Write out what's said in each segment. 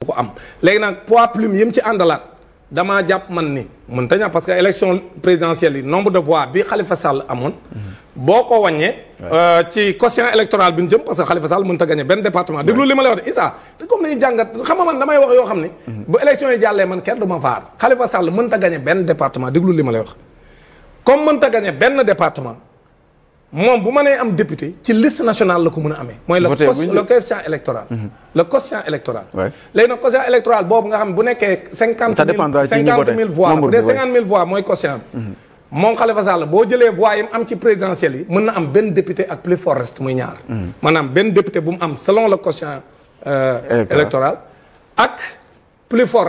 bu ko am léegi nag poids plume yim ci àndalaat damaa jàpp man ni mun ta ñàkk parce que élection présidentielle yi nombre de voix bi xalifa Sall amoon boo ko wàññee euh, ci quotient électoral bi ñu jëm parce que Khalifa Sall mën ta gagné benn département déglu li ma lay wax de Issa te comme dañuy wax yoo xam ne mhm. bu élection yi jàllee man kenn du ma vaar Khalifa Sall mën ta gagné benn département li ma lay wax comme mën ta gagné benn département moom bu mënee am député ci liste nationale la ko mën a amee. mooy le mhm. le quotient électoral. le quotient électoral. waay léegi nag quotient électoral boobu nga xam bu nekkee. cinquante mille cinquante mille voix la bu dee cinquante mille voix mooy quotient bi. Mhm. moom Khalifa Sall boo jëlee voix yi mu am ci présidentielle yi mën na am benn député ak plus fort reste muy ñaar. Mhm. maanaam benn député bu mu am selon le quotient euh, électoral ak plus fort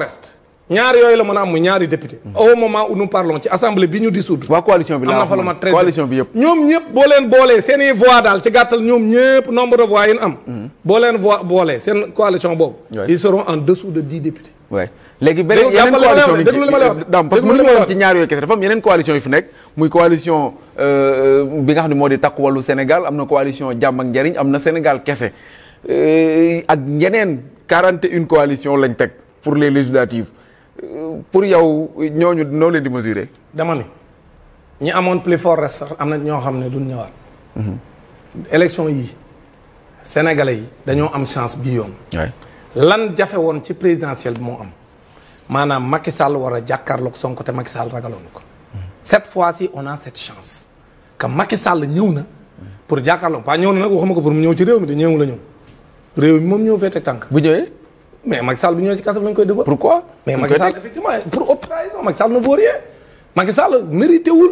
ñaar yooyu la mën am muy ñaari député mm-hmm. au moment où nous parlons ci assemblée bi ñu dissoudre waa coalition bi la am na fa lu mat très coalition bi yëpp ñoom ñëpp boo leen boolee seen i voix daal ci gàttal ñoom ñëpp nombre de voix yi am mm-hmm. boo leen seen coalition boobu ils seront en dessous de dix députés waay léegi beneen yeneen coalition parce que mënu ma wax ci ñaar bi nga xam ne moo di takku wallu Sénégal am na coalition jàmm ak njariñ am na Sénégal kese euh, ak yeneen quarante une coalition lañ teg pour les législatives pour yow ñooñu noo leen di mesurer. dama ne ñi amoon plus fort reste sax am na ñoo xam ne duñ ñëwaat. Mm-hmm. élection yi sénégalais yi dañoo am chance bi yoon. lan jafe woon ci présidentielle bi moo am maanaam Macky Sall war a jàkkaarloog Sonko te Macky Sall ragaloon ko. Mm-hmm. cette fois si on a cette chance ka Macky Sall ñëw na. pour jàkkaarloog pas ñëw na nag waxuma ko pour mu ñëw ci réew mi di ñëw la ñëw réew moom ñëw fee teg tànk mais Macky Sall bu ñëwee ci kaso bi lañ koy dëggoon. pourquoi mais Macky Sall effectivement pour haute trahison Macky Sall ne vaut rien.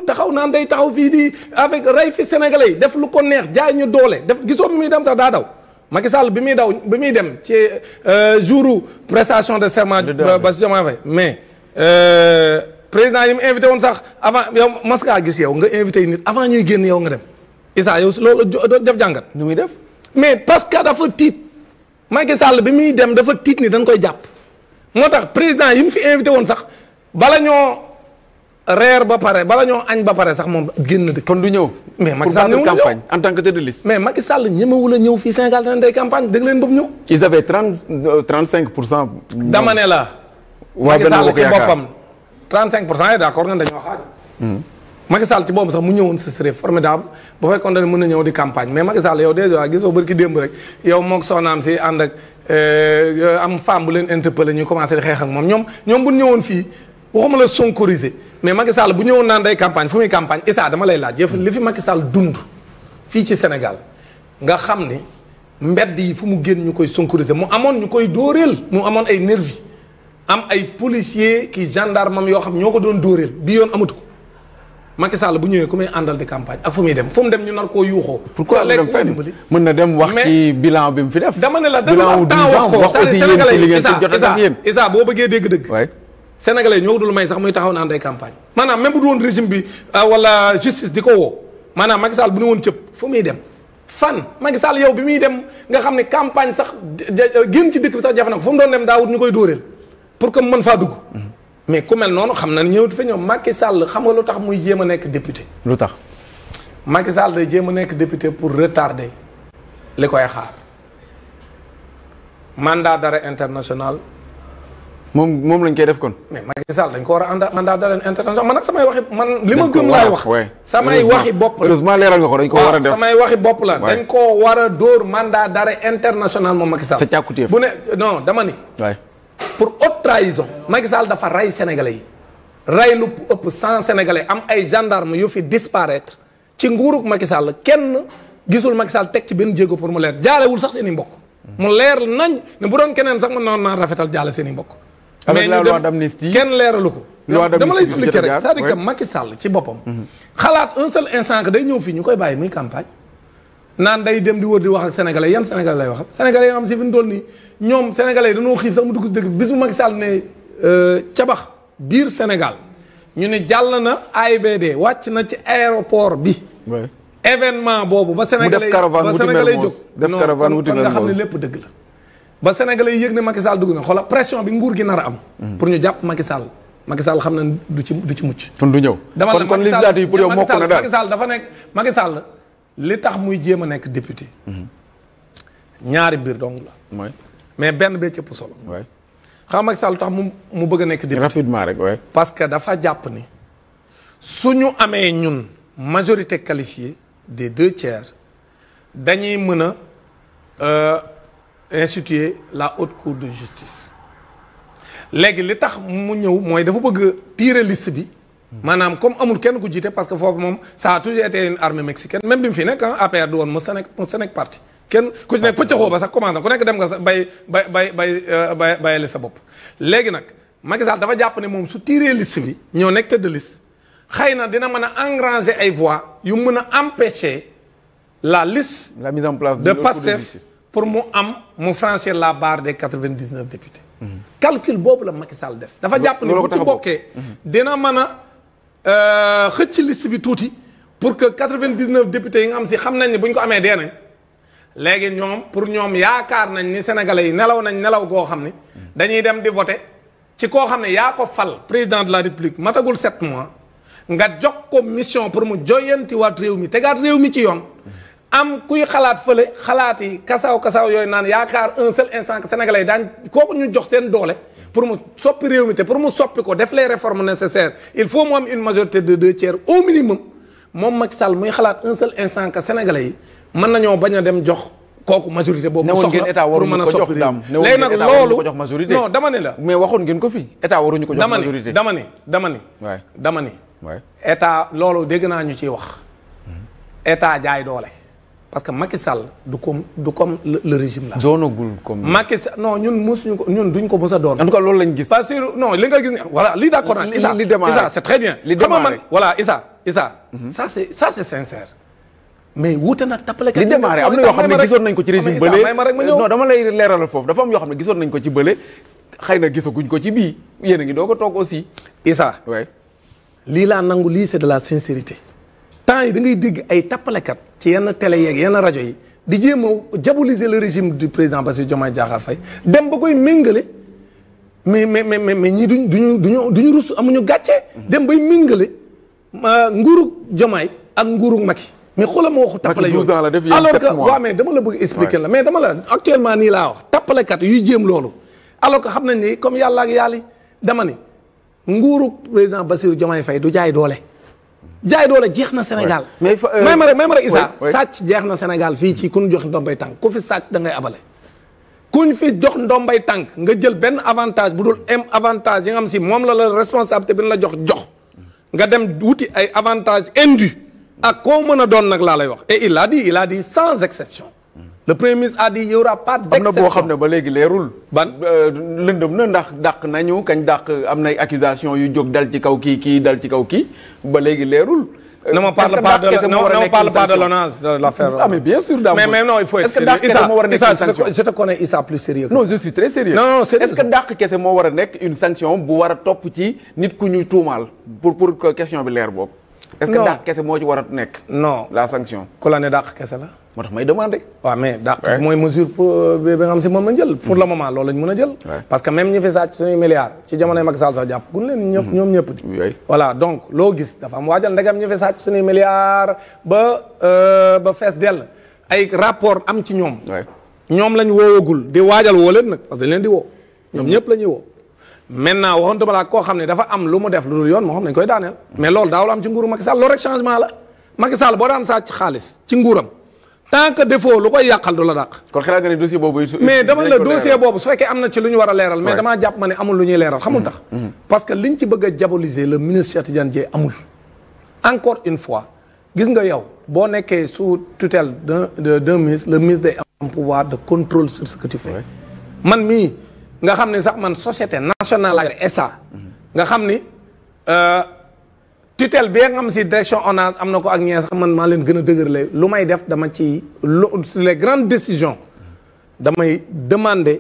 taxaw naan day taxaw fii di avec rey fi Sénégalais yi def lu ko neex jaay ñu doole def gisoo bi muy dem sax daa daw. Macky Sall bi muy daw bi muy dem ci euh, jouru prestation de serment. Bassirou Diomaye Faye mais. Euh, président yi mu invité woon sax avant yow mas ngaa gis yow nga invité nit avant ñuy génn yow nga dem Issa yow si loolu def jàngat. nu muy def mais parce Macky Sall bi muy dem dafa tiit ni dañ koy jàpp moo tax président yi mu fi invité woon sax bala ñoo reer ba pare bala ñoo añ ba pare sax moom génn dëkk. kon du ñëw. mais Macky Sall ñëwul campagne en tant que tête mais Macky Sall ñemewul a ñëw fii Sénégal danañ campagne dégg leen ba mu ñëw. ils avaient euh, cinq pour cent. dama ne la. waa benn ci boppam. trente cinq pour cent yi d' accord ñun dañoo xaaju. Hmm. Macky Sall ci boobu sax mu ñëwoon ce serait formidable bu fekkoon ne mën na ñëw di campagne mais Macky Sall yow déjà gisoo barki démb rek yow moog soxnaam si ànd ak euh, am femme bu leen interpellé ñu commencé di ak moom ñoom ñoom bu ñu ñëwoon fii waxuma la mais Macky Sall bu ñëwoon naan day campagne fu muy campagne Issa dama lay laaj jëf li fi Macky Sall dund fii ci Sénégal nga xam ni mbedd yi fu mu génn ñu koy sonkorisé mu amoon ñu koy dóoreel mu amoon ay nervi am ay policier ki gendarme am yoo xam ñoo ko doon dóoreel bi yoon amatu ko Macky Sall bu ñëwee ku muy àndal di campagne ak fu muy dem fu mu dem ñu nar koo yuuxoo. pourquoi mu dem fenn mën na dem wax ci bilan bi mu fi def. dama ne dama wax ko sénégalais yi Isa Isa boo bëggee dégg-dëgg. waay sénégalais ñoo dul may sax muy taxaw naan day campagne. maanaam même bu du woon régime bi euh, wala justice di ko woo maanaam bu ne woon cëpp fu muy dem. fan Macky Sall yow bi muy dem nga xam ne campagne sax génn ci dëkk bi sax jafe na ko fu mu doon dem daawut ñu koy dóoreel pour mën faa dugg. mais ku mel noonu xam na ñëwatu fa ñoom Macky Sall xam nga lu tax muy jéem a nekk député. lu tax Macky sàll day jéem a nekk député pour retarder li koy xaar mandat d'arrêt international. moom moom lañ koy def kon. mais Macky Sall dañ ko war a ànda mandat d'arrêt international man nag samay waxi man. li ma gëm laay wax samay waxi bopp la ko dañ ko war a ah, def samay waxi bopp la dañ ko war a dóor mandat d'arrêt international moom Macky Sall. sa càkkutéef bu ne non dama ni. pour haute trahison Macky Sall dafa rey sénégalais yi rey lu ëpp cent sénégalais am ay gendarme yu fi disparaître ci nguurug Macky Sall kenn gisul Macky Sall teg ci benn jéego pour mu leer jaalewul sax seeni mbokk. mu leer nañ ne bu doon keneen sax mën noon naa rafetal jaale seeni i mbokk. mais ñu dem kenn leeralu ko. dama lay expliquer rek c'est-à-dire que Macky Sall ci boppam. Mhm. xalaat un seul instant que day ñëw fii ñu koy bàyyi muy campagne. naan day dem di wër di wax ak sénégalais yan sénégalais lay waxal sénégalais yoo xam si fi mu toll nii ñoom sénégalais yi dañoo xiif sax mu dugg si dëkk bis bu Macky Sall ne euh, cabax biir Sénégal ñu ne jàll na AIBD wàcc na ci aéroport bi. événement boobu ba sénégalais ba sénégalais jóg non kon nga xam ne lépp dëgg la. ba sénégalais yëg ne Macky Sall dugg na xoola pression bi nguur gi nar am. Mm-hmm. pour ñu jàpp Macky Sall. Macky Sall xam na du ci du ci mucc. kon du ñëw kon kon législative dafa nekk Macky Sall. li tax muy jéem a nekk député. ñaari mbir dong la. mais benn bee cëpp solo. xam Macky Sall tax mu mu bëgg a nekk député rapidement rek waay. parce que dafa jàpp ni su ñu amee ñun majorité qualifiée des deux tiers dañuy mën a euh, instituer la haute cour de justice léegi li tax mu ñëw mooy dafa bëgg tirer liste bi. maanaam comme amul kenn ku jiite parce que foofu moom ça a toujours été une armée mexicaine même bi mu fi nekk ah APR du woon mu Sénégal mu Sénégal parti. kenn ku ci nekk pëccëxoo ba sax commencé ku nekk dem nga sa bay bay bay euh, bay bayale sa bopp. léegi nag Macky Sall dafa jàpp ne moom su tiiree liste bi ñoo nekk tête de liste xëy na dina mën a engranger ay voix yu mën a empêcher la liste. la mise en place de Pastef pour mu am mu franchir la barre des quatre-vingt-dix-neuf députés. Mhm. calcul boobu la Macky Sall def. dafa jàpp ne bu ci bokkee dina mën a. Euh, xëcc liste bi tuuti pour que 99 députés yi nga am si xam nañ ne bu ñu ko amee dee nañ léegi ñoom pour ñoom yaakaar nañ ni sénégalais yi nelaw nañ nelaw goo xam ne dañuy dem di voter ci koo xam ne yaa ko fal président de la république matagul sept mois nga jox ko mission pour mu waat réew mi tegaat réew mi ci yoon am kuy xalaat fële xalaat yi kasaaw kasaaw yooyu naan yaakaar un seul instant que sénégalais yi daan kooku ñu jox seen doole pour mu soppi mi te pour mu soppi ko def les réformes nécessaires il faut mu am une majorité de deux tiers au minimum moom Macky Sall muy xalaat un seul instant que sénégalais yi mën nañoo bañ a dem jox kooku majorité boobu. mu soxla pour mën a soppi réew mi léegi nag loolu non dama ne la. mais waxoon ngeen ko fi état waruñu ko jox majorité dama ne dama ne dama ne. dama ne état loolu dégg naa ñu ciy wax hmm. état jaay doole. parce que Macky sal du comme du comme le régime là. doonagul comme Macky Sall non ñun mosuñu ko ñun duñ ko mos a doon. en tout cas loolu lañ gis. parce que non li nga gis voilà lii d'accord naa. Issa Issa li démarré xam wuute na tappale kat li démarré xam ne gisoon nañ ko ci ah, régime bële non dama lay leeralal foofu dafa am yoo xëy na gisaguñ ko ci bii yéen a ngi doo ko toog aussi. Issa. lii laa nangu lii de la sincérité temps yi da ngay dégg ay tappalekat ci yenn télé yeeg yenn rajo yi di jéem a diaboliser le régime du président Bassirou Diomaye Diakhar fay dem ba koy méngale mais mais mais mais ñii duñ duñu duñu duñu rus amuñu gàcce. dem bay méngale nguurug Diomaye ak nguurug Macky. mais xoolal moo ku tappale yooyu alors que waaw mais dama la bëgg expliquer la mais dama la actuellement nii laa wax tappalekat yuy jéem loolu. alors que xam nañ ni comme yàlla ak yàlla dama ni nguurug président Bassirou Diomaye fay du jaay doole. jaay doole jeex na Sénégal. mais euh, may ma rek may ma rek Issa. sàcc jeex na Sénégal fii ci ku ñu jox ndombay tànk ku fi sàcc da ngay abale. ku ñu fi jox ndombay tànk nga jël benn avantage bu dul am avantage yi nga xam si moom la la responsabilité bi la jox jox. nga dem wuti ay avantages indus. ak koo mën a doon nag laa lay wax. e il a dit il sans exception. le premier ministre a dit il y aura pas boo xam ne ba léegi leerul. ban euh, lëndëm na ndax dàq nañu kañ dàq am nay accusation yu jóg dal ci kaw kii kii dal ci kaw kii ba léegi leerul. na me parle pas de ne me parle pas de l'affaire. Ah, bien sûr mais mais non il faut être sérieux Issa Issa je te connais Issa plus sérieux non je suis très sérieux non non est-ce que dàq kese moo war a nekk une sanction bu war a topp ci nit ku ñuy tuumaal pour pour question bi leer boobu. est-ce que kese moo ci war a nekk. non la sanction. ku la ne kese la. moo tax may demandé. waaw mais dàq mooy mesure pour euh, bi nga xam si moom la jël. pour hmm. le moment loolu lañ mën a jël. parce que même ñi fi sàcc suñuy milliards ci jamonoy Macky Sall sax jàpp gun leen. ñoom hmm. ñoom ñëpp di. voilà donc loo gis dafa am waajal ndegam ñi fi sàcc suñuy milliards ba euh, ba fees dell ay rapport am ci ñoom. ñoom lañ woowagul di waajal woo leen nag parce que leen di woo. ñoom hmm. ñëpp la ñuy woo. maintenant waxantuma laa koo xam ne dafa am lu mu def lu dul yoon moo xam nañ koy daaneel. mais loolu daawul am ci nguuru Macky Sall loolu rek changement la boo daan sàcc xaalis ci nguuram tant que défaut lu koy yàqal du la dàq. kon xalaat nga ne dossier boobu. mais dama ne dossier boobu su fekkee am na ci lu ñu war a leeral. mais damaa jàpp ma ne amul lu ñuy leeral. xamul tax mm-hmm. Mm-hmm. parce que liñ ci bëgg a diaboliser ministre Cheikh Tidiane amul. encore une fois gis nga yow boo nekkee su tutelle d'un d'un ministre le ministre day am pouvoir de contrôle sur man mii nga xam ne sax man société nationale la SA. Mm-hmm. nga xam ni. Euh, tutelle bi nga xam si direction ONAS am na ko ak ñee sax man maa leen gën a lu may def dama ci lu les grande décisions damay demande demander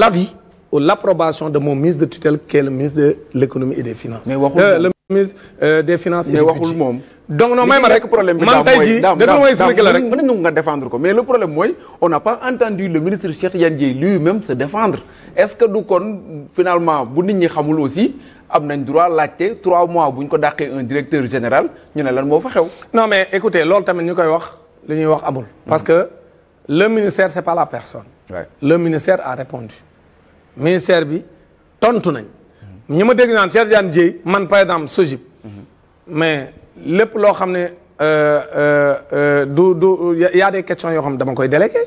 l'avis ou l'approbation de mon ministre de tutelle qui est ministre de l'économie et des finance Mais ministre euh, des finances et waxul moom. donc no may ma rek problème bi man tey jii déglu ma expliqué la rek mën nañu nga défendre ko mais le problème mooy on n'a pas entendu le ministre Cheikh Tidiane Dièye lui-même se défendre est que du kon finalement bu nit ñi xamul aussi am nañ droit laajte trois mois bu ko dàqee un directeur général ñu ne lan moo fa xew. non mais écoutez loolu tamit ñu koy wax li ñuy wax amul. parce que le ministère c'est pas la personne. le ministère a répondu ministère bi tontu nañ. ñi ma dégg naan Cheikh Tidiane man par exemple Sojib mais lépp loo xam ne euh, euh, du du y a des questions yoo xam ne dama koy délégué.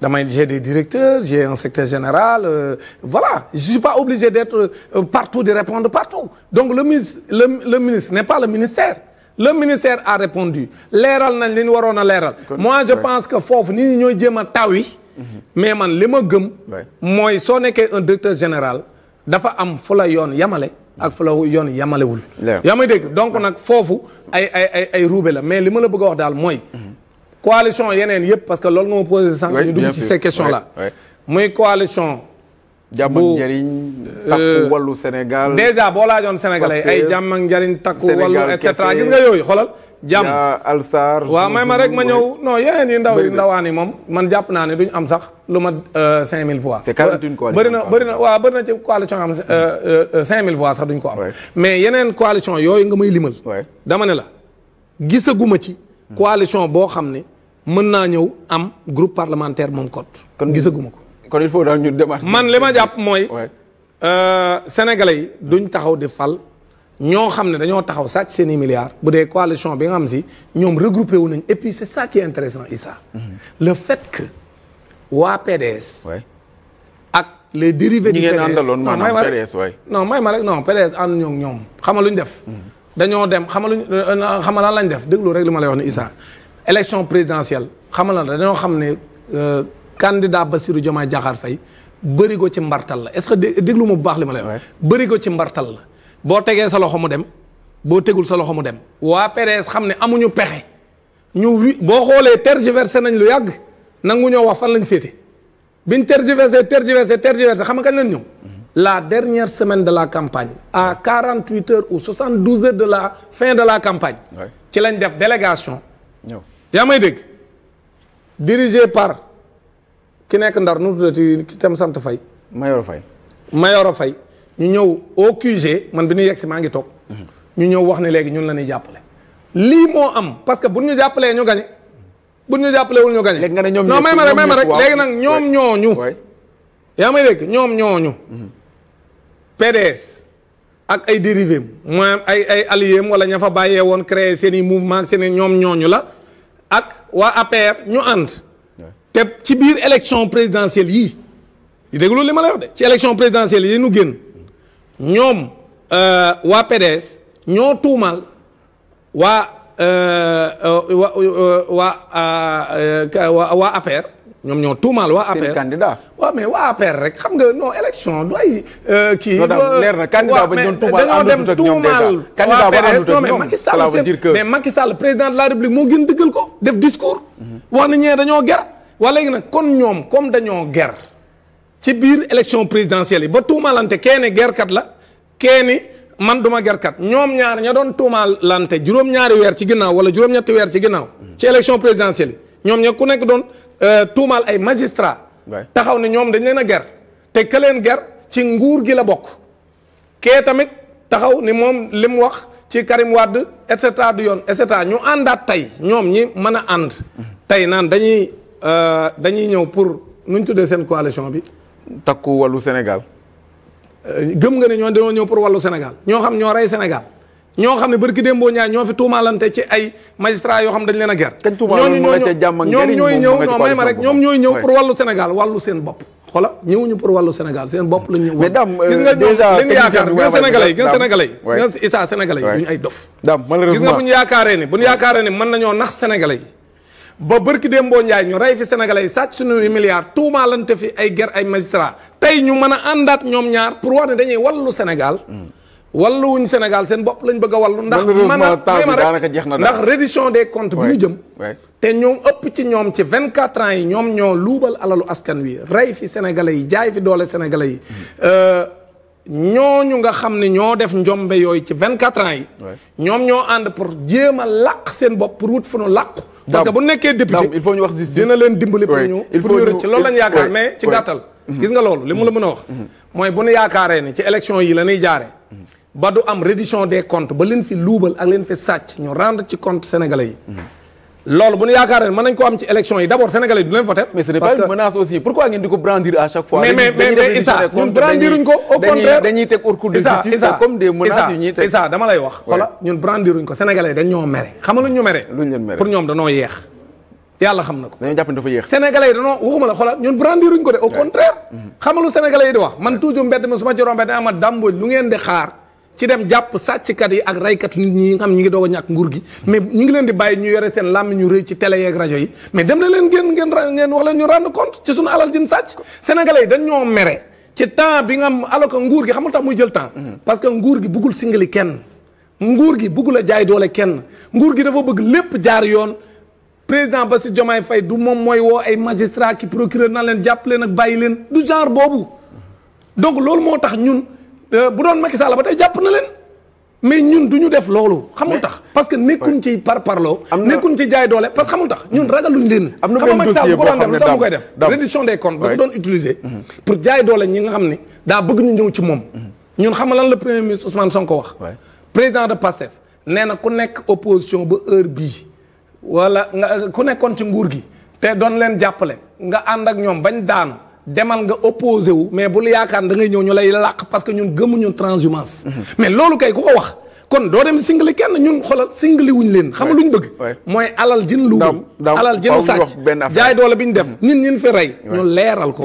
damay j'ai des directeurs un secrétaire général euh, voilà je suis pas obligé d'être euh, partout de répondre partout donc le ministre le, le ministre n'est pas le ministère le ministère a répondu leeral nañ li ñu waroon a leeral moi je pense que foofu nit ñi ñooy jéem a taw yi mhm. mais man li ma gëm mooy soo nekkee un directeur général dafa am fula yoon yamale ak fula la yoon yamalewul yaa may dégg donc nag foofu ay ay ay ay ruube la mais li ma la bëgg wax daal mooy coalition yeneen yëpp parce que loolu nga ma posé sànq ñu dugg ci ces questions là muy coalition jàmm ak njariñ takku euh, wallu Sénégal. déjà boo laajoon sénégalais ay jàmm njariñ takku wàllu et cetera gis nga yooyu xoolal. jàmm alsar waaw may ma rek ma ñëw non yeneen yi ndaw yi ndawaan yi moom man jàpp naa ne duñ am sax lu ma 5000 euh, voix. c'est quarante une coalition bëri na bëri na waaw bëri na ci coalition am 5000 euh, voix sax duñ ko am. mais yeneen coalition yooyu nga may limal. dama ne la gisaguma ci. Hmm. coalition boo xam ne mën naa ñëw am groupe parlementaire moom kot. kon gisaguma ko. kon il faut daal ñu démarrer. man li ma jàpp mooy. Euh, sénégalais yi duñ taxaw di fal. ñoo xam ne dañoo taxaw sàcc seen i milliards bu dee coalition bi nga xam si ñoom regroupé wu nañ et puis c' est ça qui est intéressant Issa mm-hmm. le fait que waa PDS. ak les dérivés. du PDS ñi ngeen àndaloon maanaam PDS waay. non may ma rek non PDS ànd ñoom ñoom xama def. Mm-hmm. dañoo dem xama lu euh, xama lan lañ def déglu rek li ma lay wax ni Issa. élection présidentielle xama la dañoo xam ne. Euh, candidat Bassirou Diomaye Diakhar Faye bëri ko ci mbartal la est-ce que déglu ma bu baax li ma lay wax ko ci mbartal la boo tegee sa loxo mu dem boo tegul sa loxo mu dem waa PDS xam ne amuñu pexe ñu wi boo xoolee tergiversé nañ lu yàgg nangu ñoo wax fan lañ féete biñ tergiversé tergiversé tergiversé xam nga kañ lañ ñëw mm-hmm. la dernière semaine de la campagne à quarante huit heures ou soixante douze heures de la fin de la campagne ci lañ def délégation yaa may ki nekk ndar nu mu tuddati sant fay Mayoro Faye. Mayoro Faye ñu ñëw au QG man bi ñu yegg si maa ngi toog. ñu ñëw wax ne léegi ñun la ñuy jàppale. lii moo am parce que bu ñu jàppalee ñu gañe bu ñu jàppalee wul ñu gañe. léegi nga ñoom non may ma rek may ma rek léegi nag ñoom ñooñu. yaa may dégg ñoom ñooñu. Mhm. PDS. ak ay dérivé mooy ay ay allié wala ña fa bàyyee woon créer seen i mouvement seen ñoom ñooñu la ak waa APR ñu ànd. te ci biir élection présidentielle yi di déglu li ma lay wax de ci élection présidentielle yi nu génn ñoom euh, waa PDS ñoo tuumal waa euh, euh, waa waa waa APR ñoom ñoo tuumaal waa APR candidat waaw mais waa rek xam nga noo élection du ay. kii leer na candidat ba ñu doon tuumaal dañoo dem waa PDS non mais Macky Sall mais président de la République moo gën dëggal ko def discours. Mhm. wax na ñee dañoo ger waa léegi nag kon ñoom comme dañoo ger ci biir élection présidentielle yi ba tuumalante kenn gerkat la kenn man duma gerkat ñoom ñaar ña doon tuumalante juróom-ñaari weer ci ginnaaw wala juróom-ñetti weer ci ginnaaw. ci élection présidentielle ñoom ña ku nekk doon euh, tuumaal ay magistrat taxaw ne ñoom dañ leen a ger te ka leen ger ci nguur gi la bokk kee tamit taxaw ni moom li mu wax ci Karim Wade et cetera du yoon et cetera ñu àndaat tey ñoom ñi mën a ànd tey naan Euh, dañuy ñëw pour nu tuddee seen coalition bi. takku wàllu Sénégal. Euh, gëm nga ne ñoo dañoo ñëw pour wàllu Sénégal ñoo xam ñoo rey Sénégal ñoo xam ne barki démboo ñaay ñoo fi tuumaalante ci ay magistrat yoo xam dañ leen a ger ñooñu ñoom ñooy ñëw non may ma rek ñoom ñooy ñëw pour wàllu Sénégal wàllu seen bopp xoola ñëwuñu pour wàllu Sénégal seen bopp lañ ñëw euh, gis nga ñoom li yaakaar gën Sénégalais yi gën Sénégalais yi gën Issa Sénégalais yi duñu ay dof gis nga bu ñu yaakaaree ni bu ñu yaakaaree ni mën nañoo nax Sénégalais yi ba bërki déem boo njaay ñu rey fi sénégalais yi sàcc suñuy milliards tuumaalante fi ay ger ay magistrat tey ñu mën a àndaat ñoom ñaar pour wax ne dañuy wallu Sénégal walluwuñ Sénégal seen bopp lañ bëgg a wallu ndax mën a jeex rek ndax reddition des comptes bi ñu jëm te ñoom ëpp ci ñoom ci vingt quatre ans yi ñoom ñoo luubal alalu askan wi rey fi sénégalais yi jaay fi doole sénégalais yi mm. euh, ñoo ñu nga xam ne ñoo def njombe yooyu ci vingt quatre ans yi ñoom ñoo ànd pour jéem a làq seen bopp pour wut fu nu làqu parce que bu nekkee député il faut ñu wax justice dina leen dimbali pour ñu pour ñu rëcc loolu lañ yaakaar mais ci gàttal mm-hmm. gis nga loolu li mu la mën a wax mm-hmm. mooy bu nu yaakaaree ni ci élection yi la ñuy jaaree ba du am reddition des comptes ba leen fi luubal ak leen fi sàcc ñu rendre ci compte sénégalais yi mm-hmm. loolu bu ñu yaakaar ne mën nañ ko am ci yi d' abord yi du leen voté. mais ce n'est pas une menace aussi pourquoi ngeen di ko brandir à chaque fois. mais mais mais Issa ñun brandiruñ ko. de justice comme wax. xoola ñun brandiruñ ko sénégalais yi xam nga lu ñu mere. lu ñu mere pour ñoom danoo yéex. yàlla xam na ko. dañoo jàpp ne dafa yéex. sénégalais yi danoo waxuma la xoola ko de. au contraire. Mm-hmm. xam lu sénégalais yi di wax man toujours mbedd mi su ma ci rombee dama dàmbooj lu ngeen di xaar ci dem jàpp sàcckat yi ak raykat nit ñi nga xam ñi ngi doog ñàkk nguur gi mais ñi ngi leen di bàyyi ñu yore seen làmm ñu rëy ci télé yeeg rajo yi mais dem na leen ngeen ngeen ngeen wax leen ñu rendre compte ci suñu alal jin sàcc sénégalais yi dañ ñoo mere ci temps bi nga am alors que nguur gi xamul tax muy jël temps mm-hmm. parce que nguur gi buggul singali kenn nguur gi buggul a jaay doole kenn nguur gi dafa bëgg lépp jaar yoon président Bassirou Diomaye fay du moom mooy woo ay magistrat ki procureur na leen jàpp leen ak leen du genre boobu donc loolu moo tax ñun Euh, bu doon Macky Sall ba tey jàpp na leen mais ñun du ñu def loolu xamul tax parce que nekkuñ ci par parloo nekkuñ ci jaay doole parce que xamul tax ñun ragaluñ leen xam nga Macky Sall bu ko doon def lu tax mu ko mm-hmm. doole ñi nga xam ne daa bëgg ñëw ci moom mm-hmm. ñun xam nga lan la premier ministre Ousmane Sonko wax président de Pastef nee na ku nekk opposition ba heure bii wala nga ku nekkoon ci nguur gi te doon leen jàppale nga ànd ak ñoom bañ daanu demal nga opposé wu mais bul yaakaar da ngay ñëw ñu lay làq parce que ñun gëmuñu transhumance mais loolu kay ku ko wax kon doo dem singli kenn ñun xoolal singli wuñ leen xam luñ bëgg mooy alal jin luubal alal jinu sàcc jaay doole bi ñu def mm. ñin ñin fi rey ñu leeral ko